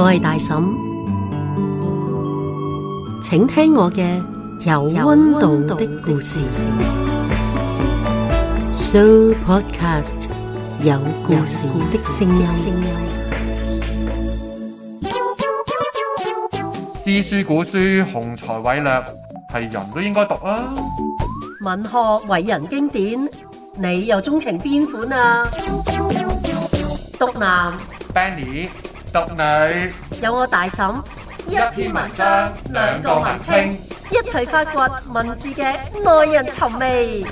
我係大嬸，請聽我嘅有溫度的故事。So podcast 有故事的聲音。詩書古書，雄才偉略係人都應該讀啊！文學偉人經典，你又鍾情邊款啊？讀男，Benny。獨女有我大嬸，一篇文章兩個文稱，一齊發掘文字嘅耐人尋味。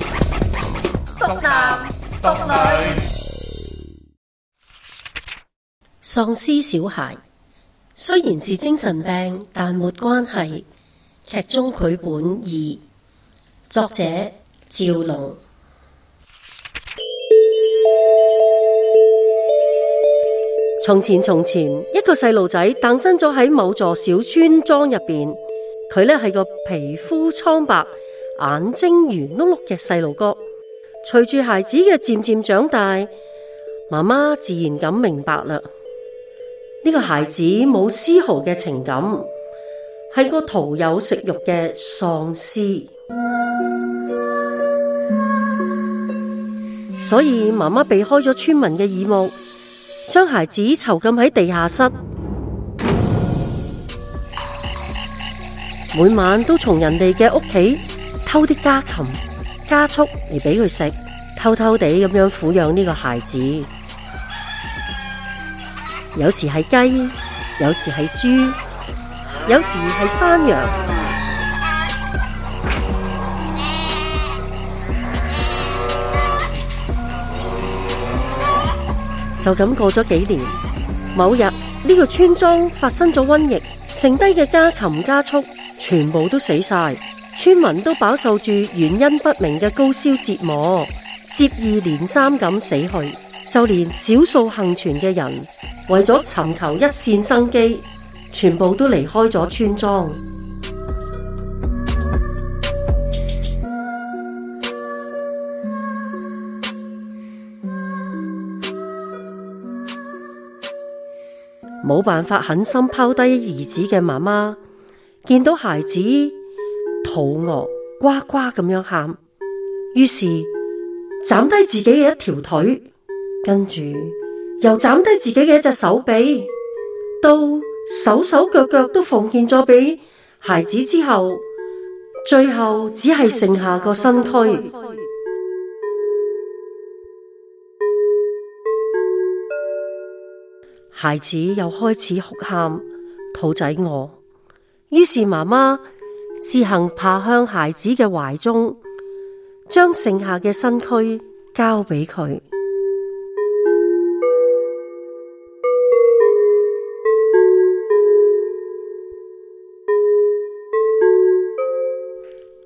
獨男獨女，喪屍小孩雖然是精神病，但沒關係。劇中佢本二，作者趙龍。從前，從前，一個細路仔誕生咗喺某座小村莊入邊。佢咧係個皮膚蒼白、眼睛圓碌碌嘅細路哥。隨住孩子嘅漸漸長大，媽媽自然咁明白啦。呢個孩子冇絲毫嘅情感，係個徒有食欲嘅喪屍。所以，媽媽避開咗村民嘅耳目。將孩子囚禁喺地下室，每晚都從人哋嘅屋企偷啲家禽、家畜嚟俾佢食，偷偷地咁樣撫養呢個孩子。有時係雞，有時係豬，有時係山羊。就咁過咗幾年，某日，呢個村莊發生咗瘟疫，剩低嘅家禽家畜全部都死晒，村民都飽受住原因不明嘅高燒折磨，接二連三咁死去，就連少數幸存嘅人，為咗尋求一線生機，全部都離開咗村莊。冇辦法狠心拋低兒子嘅媽媽，見到孩子肚餓呱呱咁樣喊，於是斬低自己嘅一條腿，跟住又斬低自己嘅一隻手臂，到手手腳腳都奉獻咗俾孩子之後，最後只係剩下個身軀。孩子又開始哭喊，肚仔餓。於是媽媽自行爬向孩子嘅懷中，將剩下嘅身軀交俾佢。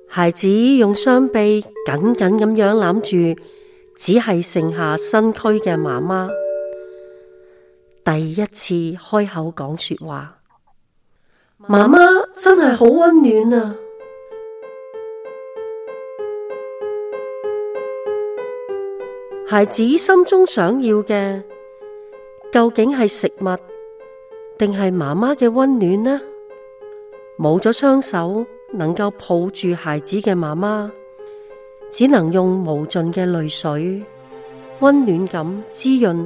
孩子用雙臂緊緊咁樣攬住，只係剩下身軀嘅媽媽。第一次開口講說話，媽媽，媽，媽真係好溫暖啊！孩子心中想要嘅，究竟係食物，定係媽媽嘅溫暖呢？冇咗雙手能夠抱住孩子嘅媽媽，只能用無盡嘅淚水溫暖噉滋潤。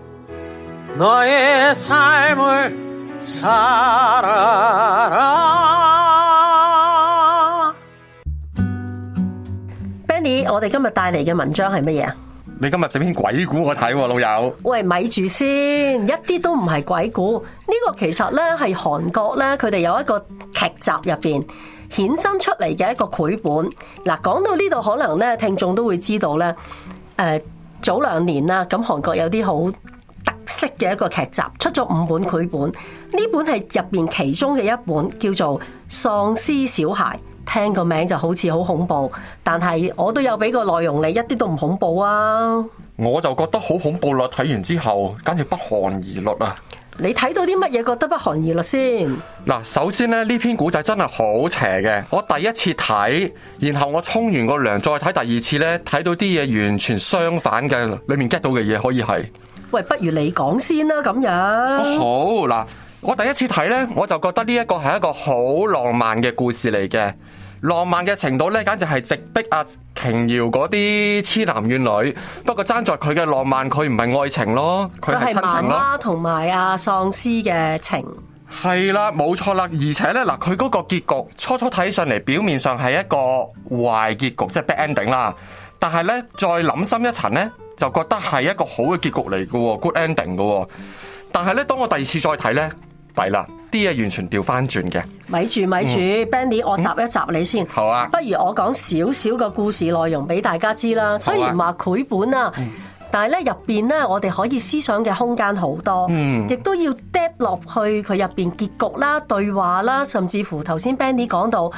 Benny，我哋今日帶嚟嘅文章係乜嘢啊？你今日整篇鬼故我睇啊，老友。喂，咪住先，一啲都唔係鬼故。呢個其實咧係韓國咧，佢哋有一個劇集入邊衍生出嚟嘅一個繪本。嗱，啊，講到呢度，可能咧聽眾都會知道咧，誒，呃，早兩年啦，咁韓國有啲好。識嘅一個劇集出咗五本繪本，呢本係入邊其中嘅一本，叫做《喪屍小孩》，聽個名就好似好恐怖，但係我都有俾個內容你，一啲都唔恐怖啊！我就覺得好恐怖啦，睇完之後簡直不寒而慄啊！你睇到啲乜嘢覺得不寒而慄先？嗱，首先咧呢這篇古仔真係好邪嘅，我第一次睇，然後我沖完個涼再睇第二次呢，睇到啲嘢完全相反嘅，裏面 get 到嘅嘢可以係。喂，不如你講先啦，咁樣、哦。好，嗱，我第一次睇呢，我就覺得呢一個係一個好浪漫嘅故事嚟嘅，浪漫嘅程度呢，簡直係直逼阿瓊瑤嗰啲痴男怨女。不過爭在佢嘅浪漫，佢唔係愛情咯，佢係親情啦，同埋阿喪屍嘅情。係啦，冇錯啦，而且呢，嗱，佢嗰個結局初初睇上嚟，表面上係一個壞結局，即係 bad ending 啦。但係呢，再諗深一層呢。就覺得係一個好嘅結局嚟嘅喎，good ending 嘅喎。哦。但係咧，當我第二次再睇咧，弊啦，啲嘢完全調翻轉嘅。咪住咪住，Benny，我集一集你先。嗯、好啊。不如我講少少個故事內容俾大家知啦，嗯啊。雖然話繪本啊，嗯、但係咧入邊咧，我哋可以思想嘅空間好多。嗯。亦都要 drop 落去佢入邊結局啦、對話啦，甚至乎頭先 Benny 講到。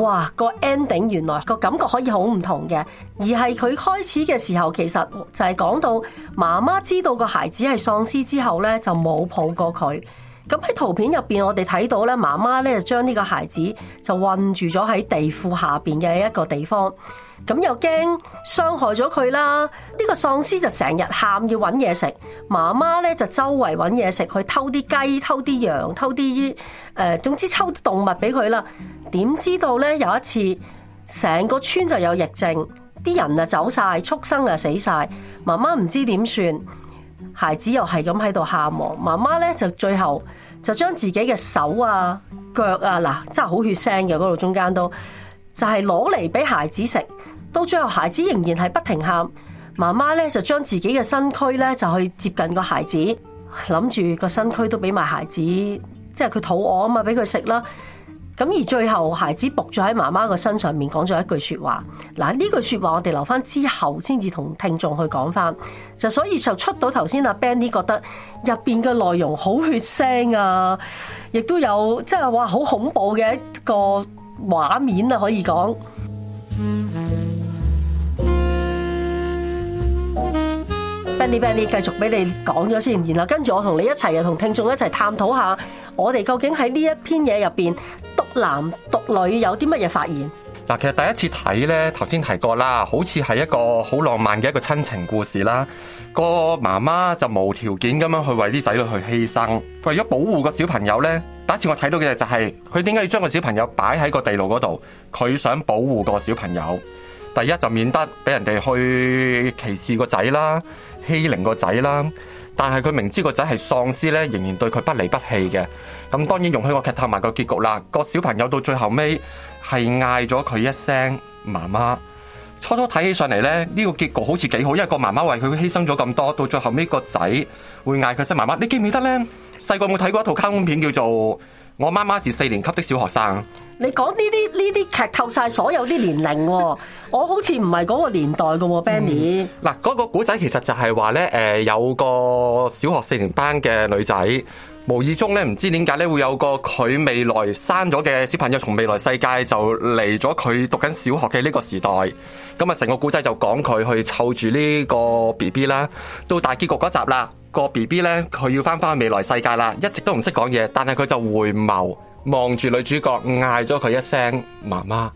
哇！個 ending 原來個感覺可以好唔同嘅，而係佢開始嘅時候，其實就係講到媽媽知道個孩子係喪屍之後呢，就冇抱過佢。咁喺圖片入面，我哋睇到呢，媽媽呢就將呢個孩子就困住咗喺地庫下面嘅一個地方。咁又驚傷害咗佢啦。呢個喪屍就成日喊要搵嘢食，媽媽呢就周圍搵嘢食，去偷啲雞、偷啲羊、偷啲誒、呃，總之偷啲動物俾佢啦。點知道呢？有一次，成個村就有疫症，啲人啊走晒，畜生啊死晒，媽媽唔知點算，孩子又係咁喺度喊喎。媽媽呢就最後就將自己嘅手啊、腳啊，嗱真係好血腥嘅嗰度中間都，就係攞嚟俾孩子食。到最後孩子仍然係不停喊，媽媽咧就將自己嘅身軀咧就去接近個孩子，諗住個身軀都俾埋孩子，即係佢肚餓啊嘛，俾佢食啦。咁而最後孩子仆咗喺媽媽個身上面，講咗一句說話。嗱，呢句說話我哋留翻之後先至同聽眾去講翻。就所以就出到頭先，阿 Bandy 覺得入邊嘅內容好血腥啊，亦都有，即係話好恐怖嘅一個畫面啊，可以講。翻啲翻啲，繼續俾你講咗先，然後跟住我同你一齊，又同聽眾一齊探討下，我哋究竟喺呢一篇嘢入邊，獨男獨女有啲乜嘢發現？嗱，其實第一次睇呢，頭先提過啦，好似係一個好浪漫嘅一個親情故事啦。個媽媽就無條件咁樣去為啲仔女去犧牲，為咗保護個小朋友呢，第一次我睇到嘅就係，佢點解要將個小朋友擺喺個地牢嗰度？佢想保護個小朋友，第一就免得俾人哋去歧視個仔啦。欺凌個仔啦，但係佢明知個仔係喪屍咧，仍然對佢不離不棄嘅。咁當然容許我劇透埋個結局啦。個小朋友到最後尾係嗌咗佢一聲媽媽。初初睇起上嚟咧，呢個結局好似幾好，因為個媽媽為佢犧牲咗咁多，到最後尾個仔會嗌佢一聲媽媽。你記唔記得咧？細個有冇睇過一套卡通片叫做《我媽媽是四年級的小學生》？你講呢啲呢啲劇透晒所有啲年齡喎。哦， 我好似唔係嗰個年代嘅，Benny。嗱、嗯、嗰、嗰個古仔其實就係話呢，誒有個小學四年班嘅女仔，無意中呢，唔知點解呢，會有個佢未來生咗嘅小朋友，從未來世界就嚟咗佢讀緊小學嘅呢個時代。咁啊，成個古仔就講佢去湊住呢個 B B 啦。到大結局嗰集啦，嗰個 B B 呢，佢要翻返去未來世界啦，一直都唔識講嘢，但係佢就回眸。望住女主角，嗌咗佢一聲媽媽，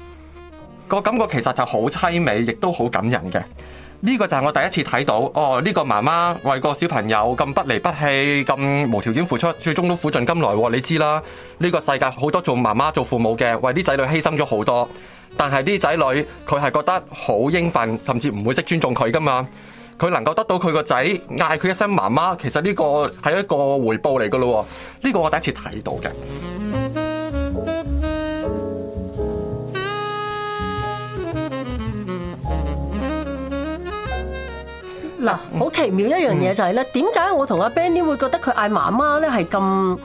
個感覺其實就好淒美，亦都好感人嘅。呢個就係我第一次睇到哦。呢個媽媽為個小朋友咁不離不棄，咁無條件付出，最終都苦盡甘來哦。你知啦，呢個世界好多做媽媽、做父母嘅，為啲仔女犧牲咗好多，但係啲仔女佢係覺得好應份，甚至唔會識尊重佢噶嘛。佢能夠得到佢個仔嗌佢一聲媽媽，其實呢個係一個回報嚟噶咯。呢個我第一次睇到嘅。嗱，好奇妙一樣嘢就係咧，點解我同阿 Benny 會覺得佢嗌媽媽咧係咁，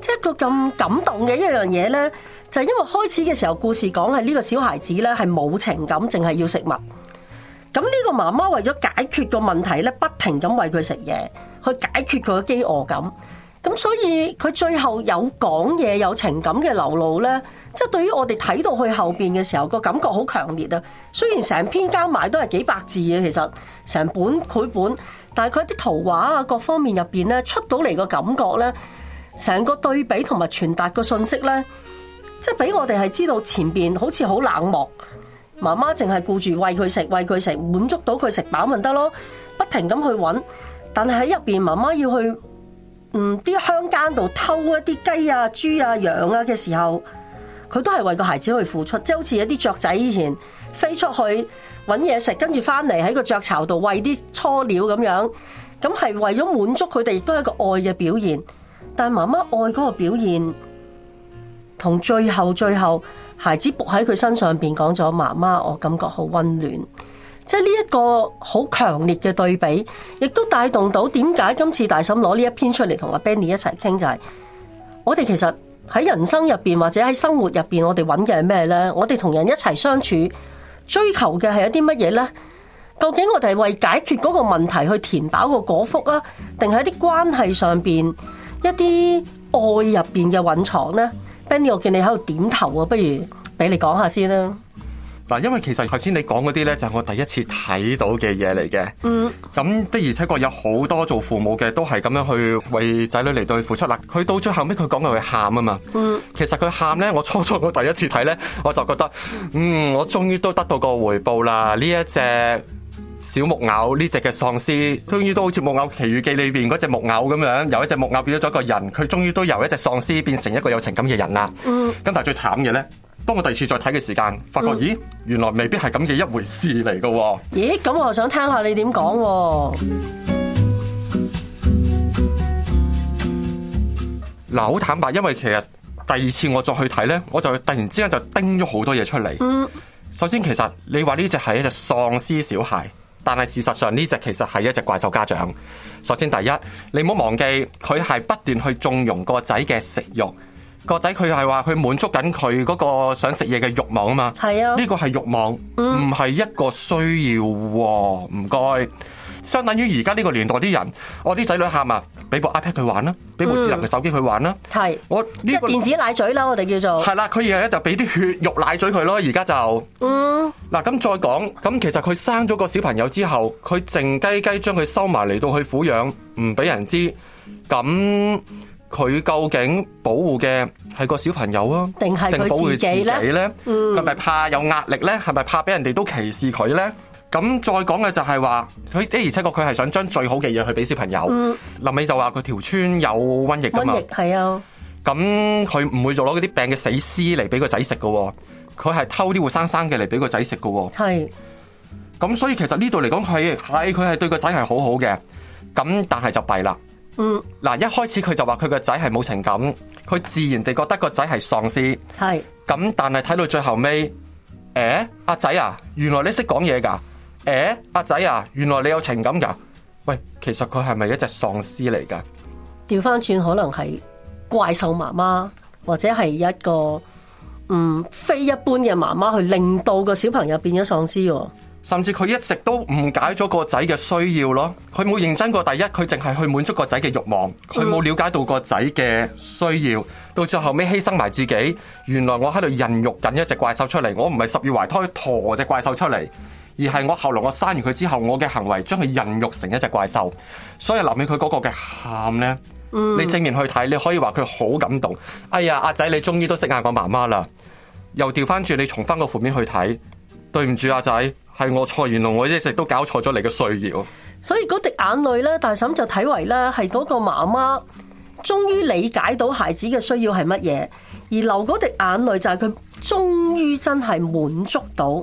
即係個咁感動嘅一樣嘢咧，就係因為開始嘅時候故事講係呢個小孩子咧係冇情感，淨係要食物。咁呢個媽媽為咗解決個問題咧，不停咁餵佢食嘢，去解決佢嘅飢餓感。咁所以佢最後有講嘢有情感嘅流露呢，即係對於我哋睇到去後邊嘅時候個感覺好強烈啊！雖然成篇交埋都係幾百字嘅，其實成本繪本，但係佢啲圖畫啊各方面入邊呢，出到嚟個感覺呢，成個對比同埋傳達個信息呢，即係俾我哋係知道前邊好似好冷漠，媽媽淨係顧住餵佢食餵佢食，滿足到佢食飽咪得咯，不停咁去揾。但係喺入邊媽媽要去。嗯，啲鄉間度偷一啲雞啊、豬啊、羊啊嘅時候，佢都係為個孩子去付出，即係好似一啲雀仔以前飛出去搵嘢食，跟住翻嚟喺個雀巢度餵啲雛鳥咁樣，咁係為咗滿足佢哋，亦都係一個愛嘅表現。但係媽媽愛嗰個表現，同最後最後，孩子伏喺佢身上邊講咗：媽媽，我感覺好溫暖。即係呢一個好強烈嘅對比，亦都帶動到點解今次大嬸攞呢一篇出嚟同阿 Benny 一齊傾就係，我哋其實喺人生入邊或者喺生活入邊，我哋揾嘅係咩呢？我哋同人一齊相處，追求嘅係一啲乜嘢呢？究竟我哋係為解決嗰個問題去填飽個果腹啊，定係一啲關係上邊一啲愛入邊嘅蘊藏呢？Benny，我見你喺度點頭啊，不如俾你講下先啦。嗱，因為其實頭先你講嗰啲呢，就係我第一次睇到嘅嘢嚟嘅。嗯。咁的而且確有好多做父母嘅都係咁樣去為仔女嚟對付出啦。佢到最後尾，佢講佢喊啊嘛。嗯。其實佢喊呢，我初初我第一次睇呢，我就覺得，嗯，我終於都得到個回報啦。呢一隻小木偶，呢隻嘅喪屍，終於都好似木偶奇遇記裏邊嗰隻木偶咁樣，由一隻木偶變咗咗個人，佢終於都由一隻喪屍變成一個有情感嘅人啦。嗯。咁但係最慘嘅呢。當我第二次再睇嘅時間，發覺、嗯、咦，原來未必係咁嘅一回事嚟㗎。咦、欸，咁我又想聽下你點講、啊。嗱、啊，好坦白，因為其實第二次我再去睇呢，我就突然之間就叮咗好多嘢出嚟、嗯。首先，其實你話呢隻係一隻喪屍小孩，但係事實上呢隻其實係一隻怪獸家長。首先，第一，你唔好忘記佢係不斷去縱容個仔嘅食慾。個仔佢係話佢滿足緊佢嗰個想食嘢嘅慾望啊嘛，係啊，呢個係慾望，唔、嗯、係一個需要、喎。唔該，相等於而家呢個年代啲人，我啲仔女喊啊，俾部 iPad 佢玩啦，俾部智能嘅手機佢玩啦。係、嗯，我呢、這個、電子奶嘴啦，我哋叫做係啦，佢而家就俾啲血肉奶嘴佢咯。而家就，嗯，嗱、啊、咁再講，咁其實佢生咗個小朋友之後，佢靜雞雞將佢收埋嚟到去撫養，唔俾人知，咁。佢究竟保護嘅係個小朋友啊？定係佢自己咧？佢咪、嗯、怕有壓力咧？係咪怕俾人哋都歧視佢咧？咁再講嘅就係話，佢而且確，佢係想將最好嘅嘢去俾小朋友。臨、嗯、尾就話佢條村有瘟疫㗎嘛，係啊。咁佢唔會做攞嗰啲病嘅死屍嚟俾個仔食嘅喎，佢係偷啲活生生嘅嚟俾個仔食嘅喎。係。咁所以其實呢度嚟講係，係係佢係對個仔係好好嘅。咁但係就弊啦。嗯，嗱、啊，一開始佢就話佢個仔係冇情感，佢自然地覺得個仔係喪屍。係咁，但係睇到最後尾，誒、欸，阿、啊、仔啊，原來你識講嘢噶？誒、欸，阿、啊、仔啊，原來你有情感噶？喂，其實佢係咪一隻喪屍嚟噶？調翻轉，可能係怪獸媽媽或者係一個嗯非一般嘅媽媽，去令到個小朋友變咗喪屍喎。甚至佢一直都誤解咗個仔嘅需要咯，佢冇認真過。第一，佢淨係去滿足個仔嘅慾望，佢冇了解到個仔嘅需要、嗯，到最後尾犧牲埋自己。原來我喺度孕育緊一隻怪獸出嚟，我唔係十月懷胎陀隻怪獸出嚟，而係我後來我生完佢之後，我嘅行為將佢孕育成一隻怪獸。所以留起佢嗰個嘅喊呢、嗯，你正面去睇，你可以話佢好感動。哎呀，阿仔你終於都識嗌我媽媽啦！又調翻轉，你重翻個負面去睇，對唔住阿仔。係我錯，原來我一直都搞錯咗你嘅需要。所以嗰滴眼淚呢，大嬸就睇為呢係嗰個媽媽終於理解到孩子嘅需要係乜嘢，而流嗰滴眼淚就係佢終於真係滿足到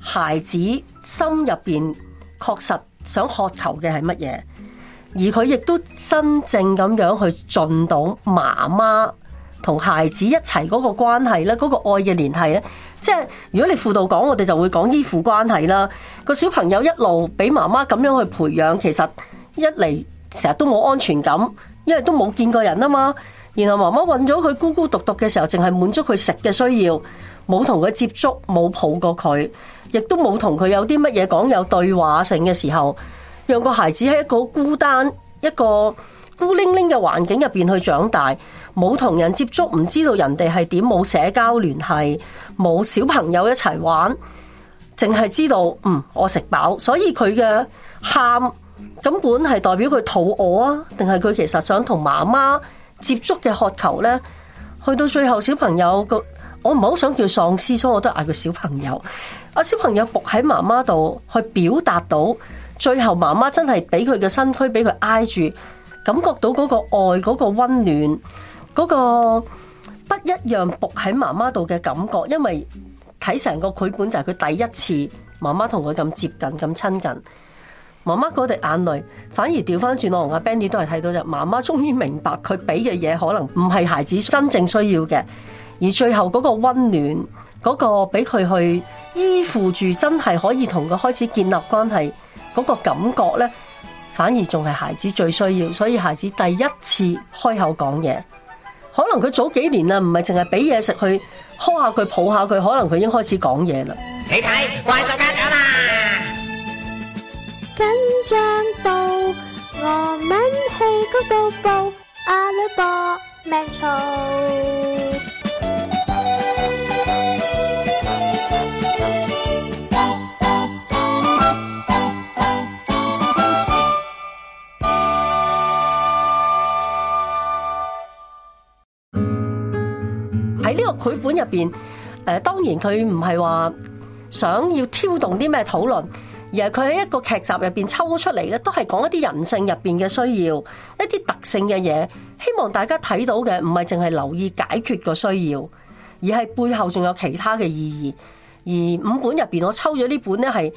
孩子心入邊確實想渴求嘅係乜嘢，而佢亦都真正咁樣去盡到媽媽。同孩子一齊嗰個關係咧，嗰個愛嘅聯繫咧，即係如果你輔導講，我哋就會講依附關係啦。個小朋友一路俾媽媽咁樣去培養，其實一嚟成日都冇安全感，因為都冇見過人啊嘛。然後媽媽困咗佢孤孤獨獨嘅時候，淨係滿足佢食嘅需要，冇同佢接觸，冇抱過佢，亦都冇同佢有啲乜嘢講有對話性嘅時候，讓個孩子係一個孤單一個。孤零零嘅環境入邊去長大，冇同人接觸，唔知道人哋係點，冇社交聯繫，冇小朋友一齊玩，淨係知道嗯，我食飽，所以佢嘅喊根本係代表佢肚餓啊，定係佢其實想同媽媽接觸嘅渴求呢？去到最後小朋友個，我唔好想叫喪屍，所以我都嗌佢小朋友，小朋友伏喺媽媽度去表達到，最後媽媽真係俾佢嘅身軀俾佢挨住。感覺到嗰個愛、嗰個溫暖、嗰個不一樣伏喺媽媽度嘅感覺，因為睇成個繪本就係佢第一次媽媽同佢咁接近、咁親近，媽媽嗰滴眼淚反而調翻轉，我同阿 Bandy 都係睇到就，媽媽終於明白佢俾嘅嘢可能唔係孩子真正需要嘅，而最後嗰個溫暖、嗰個俾佢去依附住，真係可以同佢開始建立關係嗰個感覺咧。反而仲係孩子最需要，所以孩子第一次開口講嘢，可能佢早幾年啦，唔係淨係俾嘢食佢，呵下佢抱下佢，可能佢已經開始講嘢啦。你睇怪獸家長啦，緊張到我吻氣谷到爆，阿女搏命嘈。劇本入邊，誒，當然佢唔係話想要挑動啲咩討論，而係佢喺一個劇集入邊抽出嚟咧，都係講一啲人性入邊嘅需要，一啲特性嘅嘢，希望大家睇到嘅唔係淨係留意解決個需要，而係背後仲有其他嘅意義。而五本入邊，我抽咗呢本咧係。是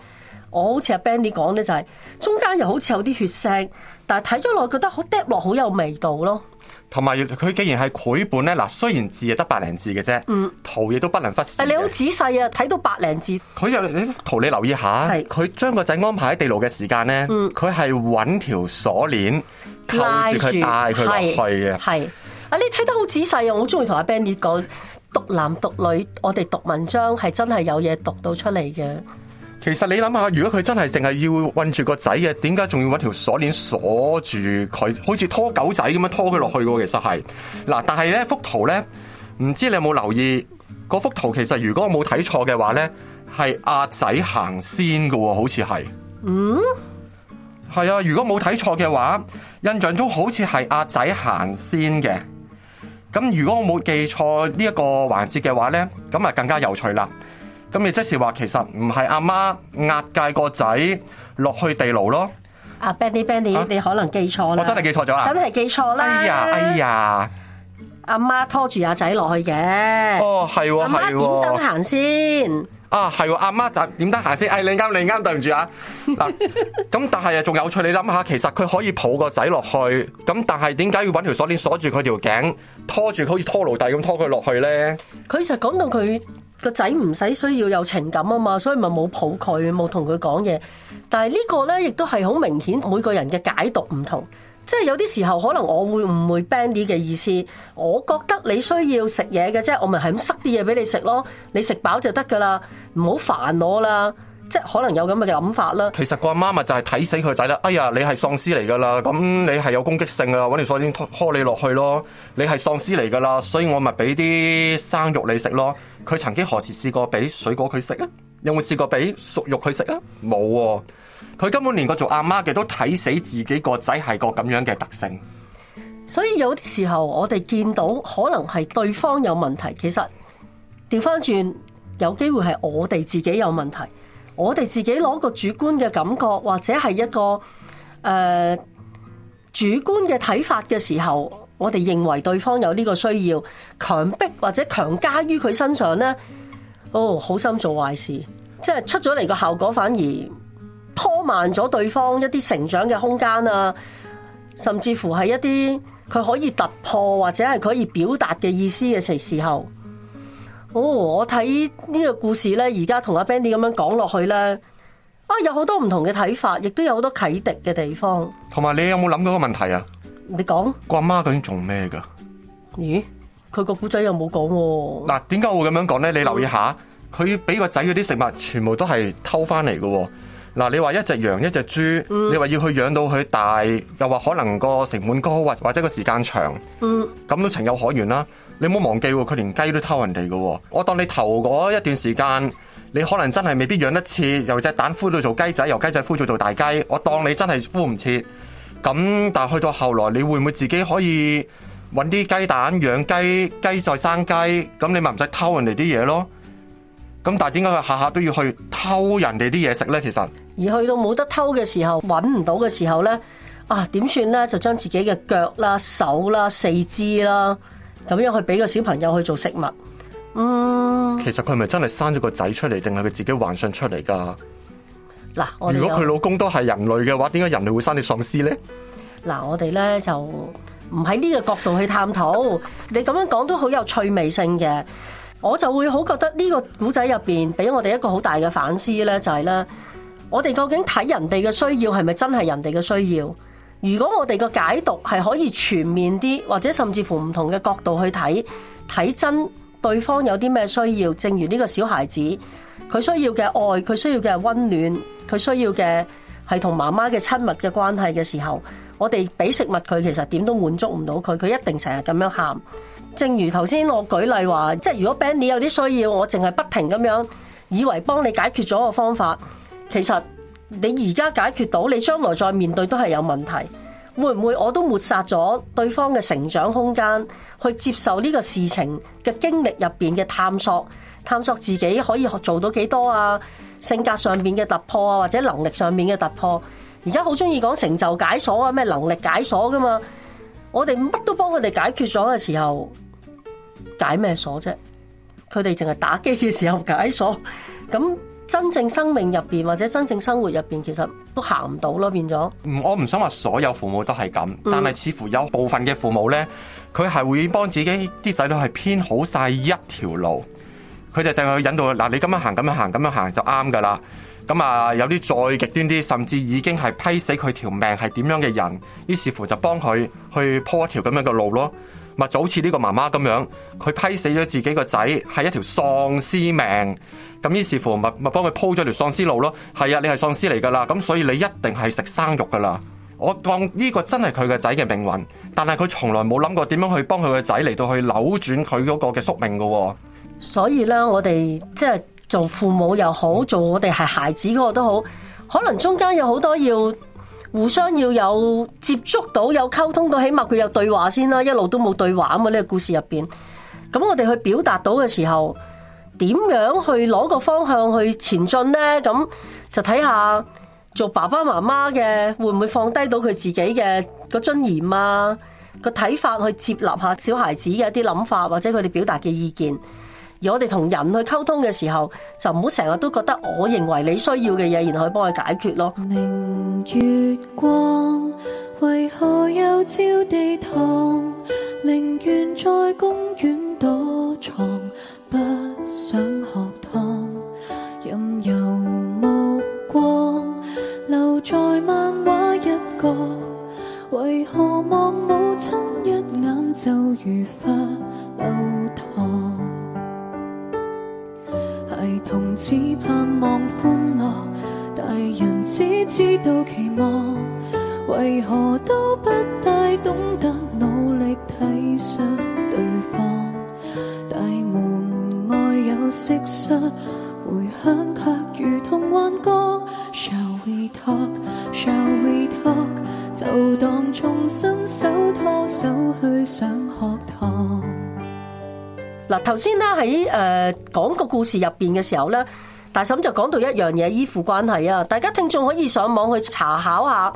我好似阿 Bandy 講咧，就係中間又好似有啲血腥，但係睇咗落覺得好嗒落，好有味道咯。同埋佢竟然係繪本咧，嗱，雖然字又得百零字嘅啫、嗯，圖嘢都不能忽視。你好仔細啊，睇到百零字。佢又你圖你留意下，佢將個仔安排喺地牢嘅時間咧，佢係揾條鎖鏈靠住佢帶佢落去嘅。係啊，你睇得好仔細啊，我好中意同阿 Bandy 講，讀男讀女，我哋讀文章係真係有嘢讀到出嚟嘅。其實你諗下，如果佢真係淨係要韞住個仔嘅，點解仲要揾條鎖鏈鎖住佢？好似拖狗仔咁樣拖佢落去喎。其實係，嗱、啊，但係呢幅圖呢，唔知你有冇留意嗰、那個、幅圖？其實如果我冇睇錯嘅話呢，係阿仔行先噶喎，好似係。嗯，係啊，如果冇睇錯嘅話，印象中好似係阿仔行先嘅。咁如果我冇記錯呢一個環節嘅話呢，咁啊更加有趣啦。咁你即是話，其實唔係阿媽押界個仔落去地牢咯。阿、啊、Benny Benny、啊、你可能記錯啦。我真係記錯咗啦。真係記錯啦。哎呀，哎呀，阿媽拖住阿仔落去嘅。哦，係喎，係喎。阿媽點燈行先。啊，係喎，阿媽點點燈行先。哎，你啱，你啱，對唔住啊。嗱，咁但係啊，仲有趣，你諗下，其實佢可以抱個仔落去，咁但係點解要揾條鎖鏈鎖住佢條頸，拖住佢好似拖奴弟咁拖佢落去咧？佢就講到佢。個仔唔使需要有情感啊嘛，所以咪冇抱佢，冇同佢講嘢。但係呢個呢，亦都係好明顯每個人嘅解讀唔同。即係有啲時候，可能我會唔會 bandy 嘅意思？我覺得你需要食嘢嘅，即係我咪係咁塞啲嘢俾你食咯。你食飽就得噶啦，唔好煩我啦。即係可能有咁嘅諗法啦。其實個阿媽咪就係睇死佢仔啦。哎呀，你係喪屍嚟噶啦，咁你係有攻擊性啊，搵條繩線拖你落去咯。你係喪屍嚟噶啦，所以我咪俾啲生肉你食咯。佢曾經何時試過俾水果佢食啊？有冇試過俾熟肉佢食啊？冇。佢根本連個做阿媽嘅都睇死自己個仔係個咁樣嘅特性。所以有啲時候我哋見到可能係對方有問題，其實調翻轉有機會係我哋自己有問題。我哋自己攞個主觀嘅感覺或者係一個誒、呃、主觀嘅睇法嘅時候。我哋認為對方有呢個需要，強迫或者強加於佢身上呢，哦，好心做壞事，即係出咗嚟個效果反而拖慢咗對方一啲成長嘅空間啊，甚至乎係一啲佢可以突破或者係佢可以表達嘅意思嘅時候，哦，我睇呢個故事呢，而家同阿 Bandy 咁樣講落去呢，啊，有好多唔同嘅睇法，亦都有好多啟迪嘅地方。同埋，你有冇諗到個問題啊？你講，個阿媽究竟做咩噶？咦，佢個古仔又冇講、啊。嗱、啊，點解我會咁樣講咧？你留意下，佢俾個仔嗰啲食物，全部都係偷翻嚟噶。嗱、啊，你話一隻羊、一隻豬、嗯，你話要去養到佢大，又話可能個成本高，或或者個時間長，咁、嗯、都情有可原啦、啊。你唔好忘記，佢連雞都偷人哋噶、啊。我當你頭嗰一段時間，你可能真係未必養得切，由隻蛋孵到做雞仔，由雞仔孵到做到大雞，我當你真係孵唔切。咁但係去到後來，你會唔會自己可以揾啲雞蛋養雞，雞再生雞，咁你咪唔使偷人哋啲嘢咯？咁但係點解佢下下都要去偷人哋啲嘢食呢？其實而去到冇得偷嘅時候揾唔到嘅時候呢？啊，點算呢？就將自己嘅腳啦，手啦，四肢啦，咁樣去俾個小朋友去做食物。嗯，其實佢係咪真係生咗個仔出嚟定係佢自己幻想出嚟噶？嗱，如果佢老公都係人類嘅話，點解人類會生你喪屍呢？嗱，我哋咧就唔喺呢個角度去探討。你咁樣講都好有趣味性嘅，我就會好覺得呢個古仔入邊俾我哋一個好大嘅反思咧，就係咧，我哋究竟睇人哋嘅需要係咪真係人哋嘅需要？如果我哋個解讀係可以全面啲，或者甚至乎唔同嘅角度去睇，睇真對方有啲咩需要？正如呢個小孩子。佢需要嘅愛，佢需要嘅係溫暖，佢需要嘅係同媽媽嘅親密嘅關係嘅時候，我哋俾食物佢，其實點都滿足唔到佢，佢一定成日咁樣喊。正如頭先我舉例話，即係如果 Benny 有啲需要，我淨係不停咁樣以為幫你解決咗個方法，其實你而家解決到，你將來再面對都係有問題。會唔會我都抹殺咗對方嘅成長空間，去接受呢個事情嘅經歷入邊嘅探索？探索自己可以做到幾多啊？性格上面嘅突破啊，或者能力上面嘅突破。而家好中意講成就解鎖啊，咩能力解鎖噶嘛？我哋乜都幫佢哋解決咗嘅時候，解咩鎖啫？佢哋淨係打機嘅時候解鎖咁，真正生命入邊或者真正生活入邊，其實都行唔到咯。變咗，我唔想話所有父母都係咁，嗯，但係似乎有部分嘅父母呢，佢係會幫自己啲仔女係編好晒一條路。佢就淨係去引導佢。嗱，你咁樣行，咁樣行，咁樣行就啱噶啦。咁啊，有啲再極端啲，甚至已經係批死佢條命係點樣嘅人，於是乎就幫佢去鋪一條咁樣嘅路咯。咪就好似呢個媽媽咁樣，佢批死咗自己個仔係一條喪屍命，咁於是乎咪咪幫佢鋪咗條喪屍路咯。係啊，你係喪屍嚟噶啦，咁所以你一定係食生肉噶啦。我當呢個真係佢嘅仔嘅命運，但係佢從來冇諗過點樣去幫佢個仔嚟到去扭轉佢嗰個嘅宿命噶喎。所以咧，我哋即係做父母又好，做我哋係孩子嗰個都好，可能中間有好多要互相要有接觸到，有溝通到，起碼佢有對話先啦啊，一路都冇對話啊嘛！呢個故事入邊，咁我哋去表達到嘅時候，點樣去攞個方向去前進呢，咁就睇下做爸爸媽媽嘅會唔會放低到佢自己嘅個尊嚴啊個睇法，去接納下小孩子嘅一啲諗法或者佢哋表達嘅意見。而我哋同人去溝通嘅時候，就唔好成日都覺得我認為你需要嘅嘢，然後去幫佢解決咯。明月光為何又照地堂，寧願在公園躲藏，不想學堂，任由目光留在漫畫一角，為何望母親一眼，就如罰留堂孩童只盼望歡樂，大人只知道期望，為何都不大懂得努力體恤對方？大門外有蟋蟀，回響卻如同幻覺。Shall we talk? Shall we talk? 就當重新手拖手去上學堂。嗱，頭先啦喺誒。講個故事入邊嘅時候呢，大嬸就講到一樣嘢，依附關係啊！大家聽眾可以上網去查考下，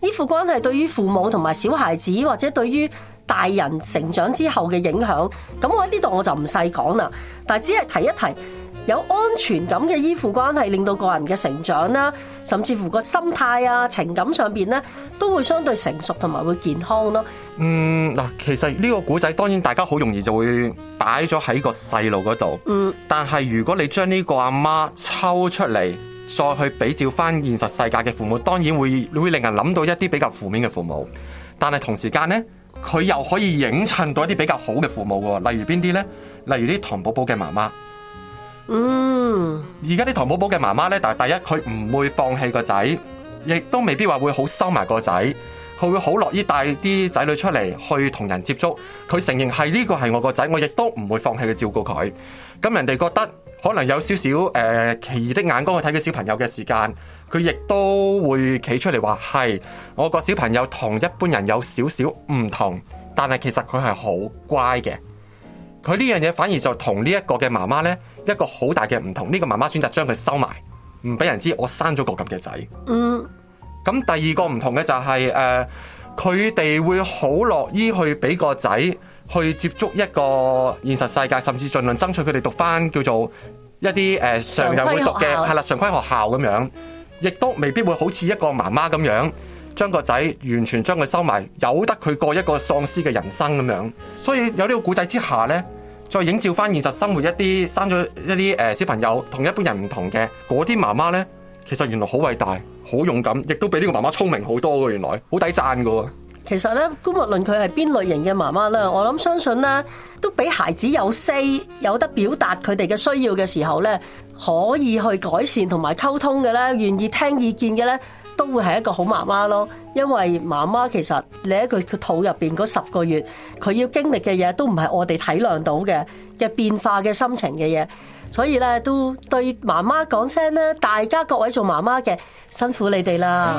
依附關係對於父母同埋小孩子或者對於大人成長之後嘅影響。咁我喺呢度我就唔細講啦，但係只係提一提。有安全感嘅依附關係，令到個人嘅成長啦，甚至乎個心態啊、情感上邊咧，都會相對成熟同埋會健康咯。嗯，嗱，其實呢個古仔，當然大家好容易就會擺咗喺個細路嗰度。嗯，但係如果你將呢個阿媽抽出嚟，再去比照翻現實世界嘅父母，當然會會令人諗到一啲比較負面嘅父母。但係同時間呢，佢又可以映襯到一啲比較好嘅父母喎。例如邊啲呢？例如啲唐寶寶嘅媽媽。嗯，而家啲唐寶寶嘅媽媽呢，但第第一佢唔會放棄個仔，亦都未必話會好收埋個仔，佢會好樂意帶啲仔女出嚟去同人接觸。佢承認係呢、這個係我個仔，我亦都唔會放棄去照顧佢。咁人哋覺得可能有少少誒奇異的眼光去睇佢小朋友嘅時間，佢亦都會企出嚟話係我個小朋友同一般人有少少唔同，但係其實佢係好乖嘅。佢呢樣嘢反而就同呢一個嘅媽媽呢一個好大嘅唔同，呢個媽媽選擇將佢收埋，唔俾人知我生咗個咁嘅仔。嗯，咁第二個唔同嘅就係、是、誒，佢、呃、哋會好樂於去俾個仔去接觸一個現實世界，甚至盡量爭取佢哋讀翻叫做一啲誒常人會讀嘅係啦，常規學校咁樣，亦都未必會好似一個媽媽咁樣。將個仔完全將佢收埋，由得佢過一個喪屍嘅人生咁樣。所以有呢個故仔之下呢，再映照翻現實生活一啲生咗一啲誒小朋友同一般人唔同嘅嗰啲媽媽呢，其實原來好偉大、好勇敢，亦都比呢個媽媽聰明好多。原來好抵讚嘅。其實咧，姑勿論佢係邊類型嘅媽媽呢？我諗相信呢，都比孩子有 say，有得表達佢哋嘅需要嘅時候呢，可以去改善同埋溝通嘅咧，願意聽意見嘅呢，都會係一個好媽媽咯，因為媽媽其實你喺佢嘅肚入邊嗰十個月，佢要經歷嘅嘢都唔係我哋體諒到嘅嘅變化嘅心情嘅嘢，所以咧都對媽媽講聲咧，大家各位做媽媽嘅辛苦你哋啦。